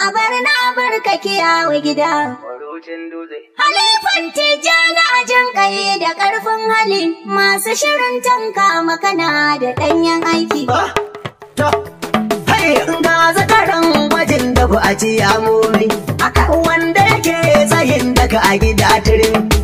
a bar na bar ka kiyawa gida. Halifan tijana a jin kai da ƙarfin hali masu shirin tanka makana da ɗanyen aiki. Ah, Ga zakaran gwajin da ku a ciya aka wanda yake tsayin daga a gida tirin.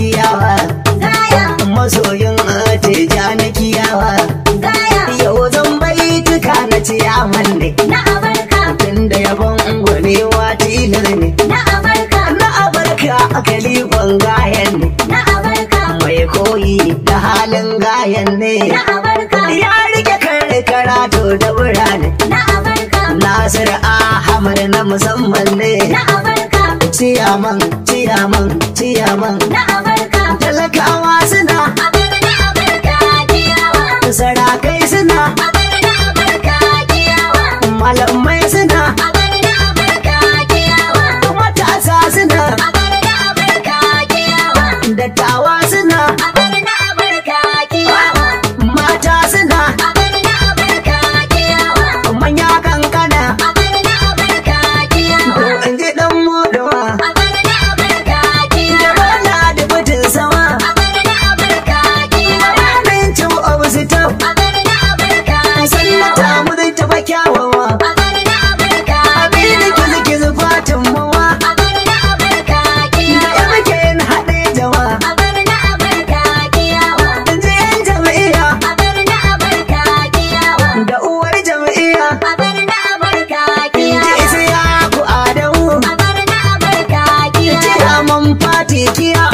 kiyawa masoyin teja na kiyawa yau zan bai tuka na ciyaman ne na abarka tunda yabon gwanewa wati ne na abarka na abarka a kalifan gayan ne na abarka mai koyi da halin gayan ne na abarka ya rike kare karatu da birane na abarka nasir ahmad na musamman ne na abarka ciyaman ciyaman ciyaman na abarka talakawa tafi jiya